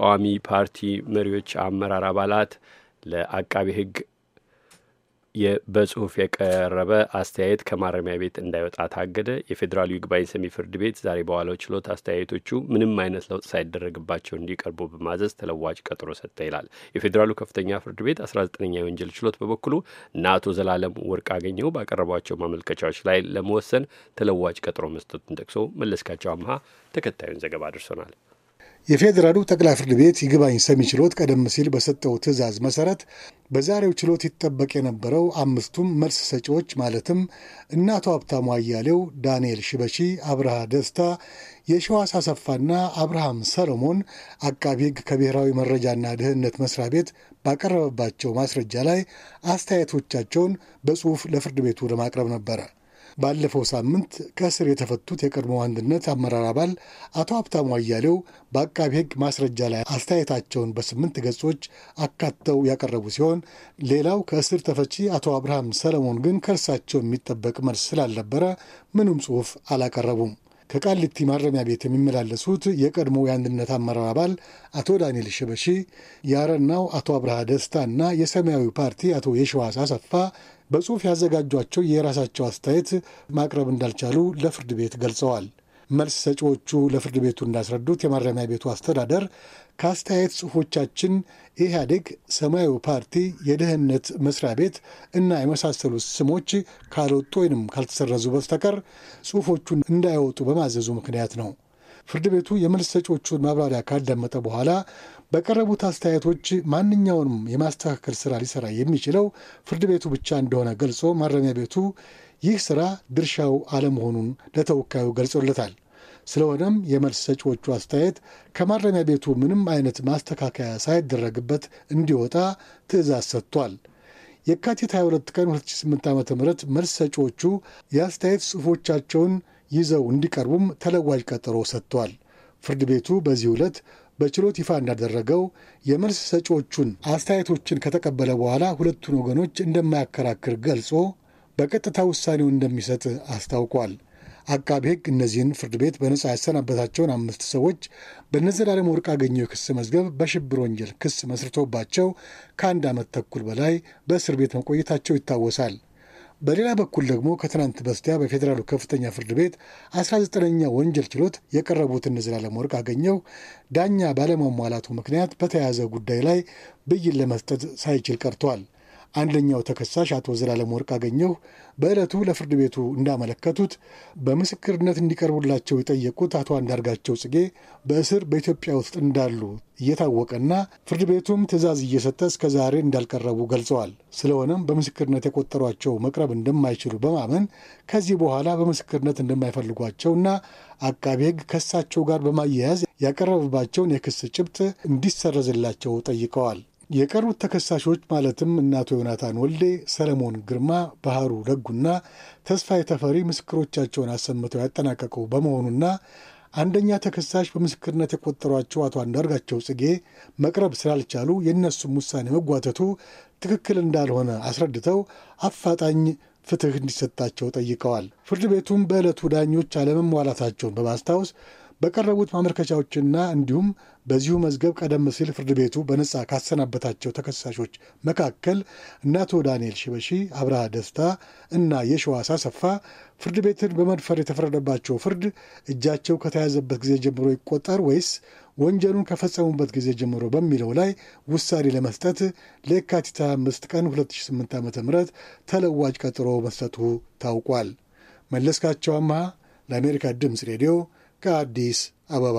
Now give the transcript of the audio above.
የተቃዋሚ ፓርቲ መሪዎች አመራር አባላት ለአቃቤ ሕግ በጽሁፍ የቀረበ አስተያየት ከማረሚያ ቤት እንዳይወጣ ታገደ። የፌዴራሉ ይግባኝ ሰሚ ፍርድ ቤት ዛሬ በዋለው ችሎት አስተያየቶቹ ምንም አይነት ለውጥ ሳይደረግባቸው እንዲቀርቡ በማዘዝ ተለዋጭ ቀጠሮ ሰጠ ይላል። የፌዴራሉ ከፍተኛ ፍርድ ቤት 19ኛ የወንጀል ችሎት በበኩሉ እነ አቶ ዘላለም ወርቅ አገኘው ባቀረቧቸው ማመልከቻዎች ላይ ለመወሰን ተለዋጭ ቀጠሮ መስጠቱን ጠቅሶ መለስካቸው አምሀ ተከታዩን ዘገባ አድርሶናል። የፌዴራሉ ጠቅላይ ፍርድ ቤት ይግባኝ ሰሚ ችሎት ቀደም ሲል በሰጠው ትዕዛዝ መሰረት በዛሬው ችሎት ይጠበቅ የነበረው አምስቱም መልስ ሰጪዎች ማለትም እነ አቶ ሀብታሙ አያሌው፣ ዳንኤል ሽበሺ፣ አብርሃ ደስታ፣ የሸዋስ አሰፋና አብርሃም ሰሎሞን አቃቢ ሕግ ከብሔራዊ መረጃና ደህንነት መስሪያ ቤት ባቀረበባቸው ማስረጃ ላይ አስተያየቶቻቸውን በጽሁፍ ለፍርድ ቤቱ ለማቅረብ ነበረ። ባለፈው ሳምንት ከእስር የተፈቱት የቀድሞ አንድነት አመራር አባል አቶ ሀብታሙ አያሌው በአቃቢ ሕግ ማስረጃ ላይ አስተያየታቸውን በስምንት ገጾች አካተው ያቀረቡ ሲሆን ሌላው ከእስር ተፈቺ አቶ አብርሃም ሰለሞን ግን ከእርሳቸው የሚጠበቅ መልስ ስላልነበረ ምንም ጽሑፍ አላቀረቡም። ከቃሊቲ ማረሚያ ቤት የሚመላለሱት የቀድሞ የአንድነት አመራር አባል አቶ ዳንኤል ሽበሺ፣ የአረናው አቶ አብርሃ ደስታ እና የሰማያዊ ፓርቲ አቶ የሸዋስ አሰፋ በጽሑፍ ያዘጋጇቸው የራሳቸው አስተያየት ማቅረብ እንዳልቻሉ ለፍርድ ቤት ገልጸዋል። መልስ ሰጪዎቹ ለፍርድ ቤቱ እንዳስረዱት የማረሚያ ቤቱ አስተዳደር ከአስተያየት ጽሑፎቻችን ኢህአዴግ፣ ሰማያዊ ፓርቲ፣ የደህንነት መስሪያ ቤት እና የመሳሰሉት ስሞች ካልወጡ ወይንም ካልተሰረዙ በስተቀር ጽሑፎቹን እንዳይወጡ በማዘዙ ምክንያት ነው። ፍርድ ቤቱ የመልስ ሰጪዎቹን ማብራሪያ ካዳመጠ በኋላ በቀረቡት አስተያየቶች ማንኛውንም የማስተካከል ስራ ሊሰራ የሚችለው ፍርድ ቤቱ ብቻ እንደሆነ ገልጾ ማረሚያ ቤቱ ይህ ስራ ድርሻው አለመሆኑን ለተወካዩ ገልጾለታል። ስለሆነም የመልስ ሰጪዎቹ አስተያየት ከማረሚያ ቤቱ ምንም አይነት ማስተካከያ ሳይደረግበት እንዲወጣ ትዕዛዝ ሰጥቷል። የካቲት 22 ቀን 2008 ዓ ም መልስ ሰጪዎቹ የአስተያየት ጽሑፎቻቸውን ይዘው እንዲቀርቡም ተለዋጅ ቀጠሮ ሰጥቷል። ፍርድ ቤቱ በዚህ ዕለት በችሎት ይፋ እንዳደረገው የመልስ ሰጪዎቹን አስተያየቶችን ከተቀበለ በኋላ ሁለቱን ወገኖች እንደማያከራክር ገልጾ በቀጥታ ውሳኔውን እንደሚሰጥ አስታውቋል። አቃቢ ሕግ እነዚህን ፍርድ ቤት በነጻ ያሰናበታቸውን አምስት ሰዎች በነዘላለም ወርቅ አገኘው የክስ መዝገብ በሽብር ወንጀል ክስ መስርቶባቸው ከአንድ ዓመት ተኩል በላይ በእስር ቤት መቆየታቸው ይታወሳል። በሌላ በኩል ደግሞ ከትናንት በስቲያ በፌዴራሉ ከፍተኛ ፍርድ ቤት 19ኛ ወንጀል ችሎት የቀረቡት እነ ዘላለም አገኘው ዳኛ ባለመሟላቱ ምክንያት በተያያዘ ጉዳይ ላይ ብይን ለመስጠት ሳይችል ቀርቷል። አንደኛው ተከሳሽ አቶ ዘላለም ወርቅ አገኘሁ በዕለቱ ለፍርድ ቤቱ እንዳመለከቱት በምስክርነት እንዲቀርቡላቸው የጠየቁት አቶ አንዳርጋቸው ጽጌ በእስር በኢትዮጵያ ውስጥ እንዳሉ እየታወቀና ፍርድ ቤቱም ትዕዛዝ እየሰጠ እስከ ዛሬ እንዳልቀረቡ ገልጸዋል። ስለሆነም በምስክርነት የቆጠሯቸው መቅረብ እንደማይችሉ በማመን ከዚህ በኋላ በምስክርነት እንደማይፈልጓቸውና አቃቤ ሕግ ከሳቸው ጋር በማያያዝ ያቀረበባቸውን የክስ ጭብጥ እንዲሰረዝላቸው ጠይቀዋል። የቀሩት ተከሳሾች ማለትም እናቶ ዮናታን ወልዴ፣ ሰለሞን ግርማ፣ ባህሩ ደጉና ተስፋዬ ተፈሪ ምስክሮቻቸውን አሰምተው ያጠናቀቁ በመሆኑና አንደኛ ተከሳሽ በምስክርነት የቆጠሯቸው አቶ አንዳርጋቸው ጽጌ መቅረብ ስላልቻሉ የእነሱም ውሳኔ መጓተቱ ትክክል እንዳልሆነ አስረድተው አፋጣኝ ፍትህ እንዲሰጣቸው ጠይቀዋል። ፍርድ ቤቱም በዕለቱ ዳኞች አለመሟላታቸውን በማስታወስ በቀረቡት ማመልከቻዎችና እንዲሁም በዚሁ መዝገብ ቀደም ሲል ፍርድ ቤቱ በነጻ ካሰናበታቸው ተከሳሾች መካከል እነ አቶ ዳንኤል ሽበሺ፣ አብርሃ ደስታ እና የሸዋስ አሰፋ ፍርድ ቤትን በመድፈር የተፈረደባቸው ፍርድ እጃቸው ከተያዘበት ጊዜ ጀምሮ ይቆጠር ወይስ ወንጀሉን ከፈጸሙበት ጊዜ ጀምሮ በሚለው ላይ ውሳኔ ለመስጠት ለየካቲት 5 ቀን 2008 ዓ ም ተለዋጭ ቀጥሮ መስጠቱ ታውቋል። መለስካቸው አምሃ ለአሜሪካ ድምፅ ሬዲዮ ከአዲስ አበባ